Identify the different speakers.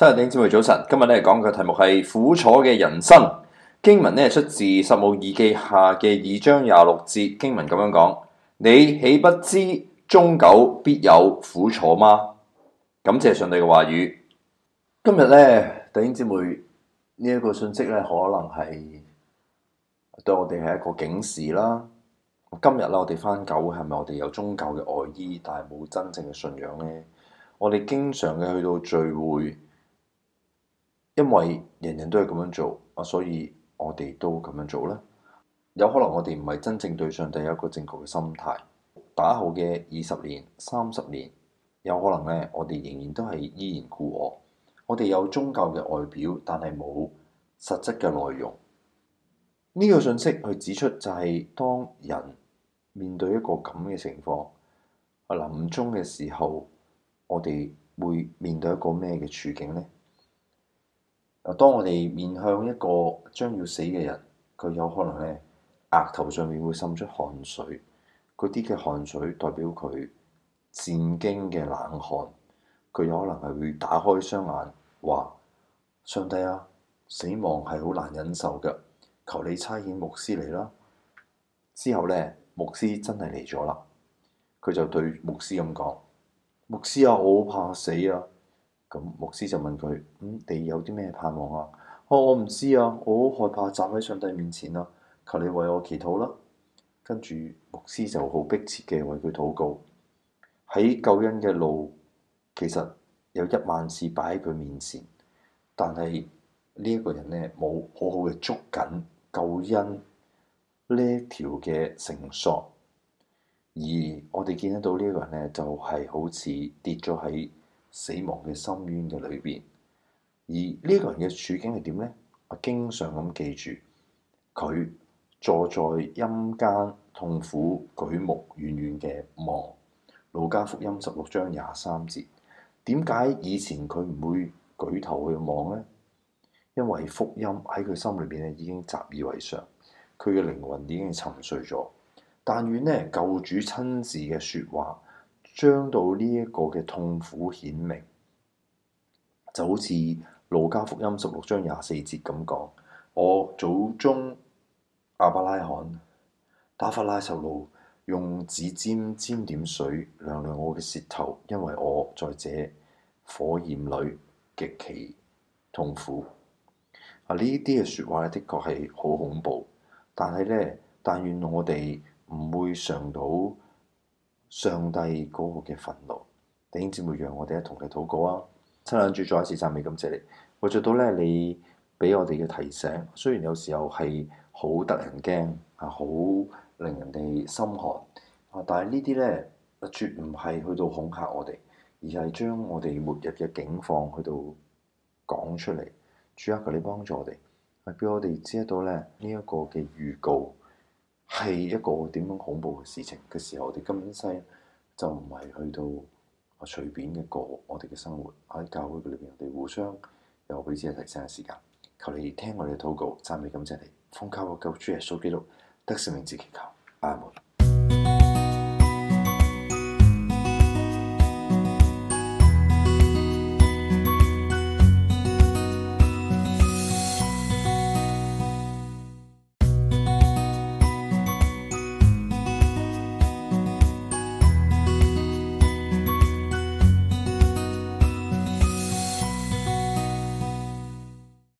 Speaker 1: 聽日弟兄姊妹早晨，今日咧講嘅題目係苦楚嘅人生。經文咧出自撒母耳記下嘅二章廿六節，經文咁樣講：你豈不知終久必有苦楚嗎？感謝上帝嘅話語。今日咧，弟兄姊妹呢一、這個信息咧，可能係對我哋係一個警示啦。今日啦，我哋翻教會係咪我哋有宗教嘅外衣，但係冇真正嘅信仰咧？我哋經常嘅去到聚會。因為人人都係咁樣做，啊，所以我哋都咁樣做呢。有可能我哋唔係真正對上帝有一個正確嘅心態，打後嘅二十年、三十年，有可能呢，我哋仍然都係依然故我。我哋有宗教嘅外表，但係冇實質嘅內容。呢、這個信息去指出，就係當人面對一個咁嘅情況，啊，臨終嘅時候，我哋會面對一個咩嘅處境呢？啊！當我哋面向一個將要死嘅人，佢有可能咧額頭上面會滲出汗水，嗰啲嘅汗水代表佢戰驚嘅冷汗。佢有可能係會打開雙眼，話：上帝啊，死亡係好難忍受嘅，求你差遣牧師嚟啦！之後咧，牧師真係嚟咗啦，佢就對牧師咁講：牧師啊，我好怕死啊！咁牧師就問佢，咁、嗯、你有啲咩盼望啊？哦、我我唔知啊，我好害怕站喺上帝面前啦，啊，求你為我祈禱啦。跟住牧師就好迫切嘅為佢禱告。喺救恩嘅路，其實有一萬次擺喺佢面前，但係呢一個人呢冇好好嘅捉緊救恩呢條嘅繩索，而我哋見得到呢一個人呢，就係、是、好似跌咗喺。死亡嘅深淵嘅裏邊，而呢個人嘅處境係點呢？我經常咁記住，佢坐在陰間痛苦，舉目遠遠嘅望。路加福音十六章廿三節，點解以前佢唔會舉頭去望呢？因為福音喺佢心裏邊咧已經習以為常，佢嘅靈魂已經沉睡咗。但願呢救主親自嘅説話，將到呢一個嘅痛苦顯明，就好似《路加福音》十六章廿四節咁講：我祖宗亞伯，亞伯拉罕打發拉撒路，用指尖沾點水涼涼我嘅舌頭，因為我在這火焰裏極其痛苦。啊！呢啲嘅説話咧，的確係好恐怖，但係呢，但願我哋唔會嘗到。上帝嗰個嘅憤怒，弟兄姊妹讓我哋一同你禱告啊！親，兩主再一次讚美感謝你，我做到咧，你俾我哋嘅提醒，雖然有時候係好得人驚，啊好令人哋心寒啊，但係呢啲咧，絕唔係去到恐嚇我哋，而係將我哋末日嘅境況去到講出嚟。主啊，求你幫助我哋，俾我哋知道咧呢一個嘅預告。係一個點樣恐怖嘅事情嘅時候，我哋今世就唔係去到啊隨便嘅過我哋嘅生活，喺教會嘅裏邊，我哋互相又俾自己提醒嘅時間。求你聽我哋嘅禱告，讚美感謝你，奉靠我救主耶穌基督，得勝名字祈求，阿門。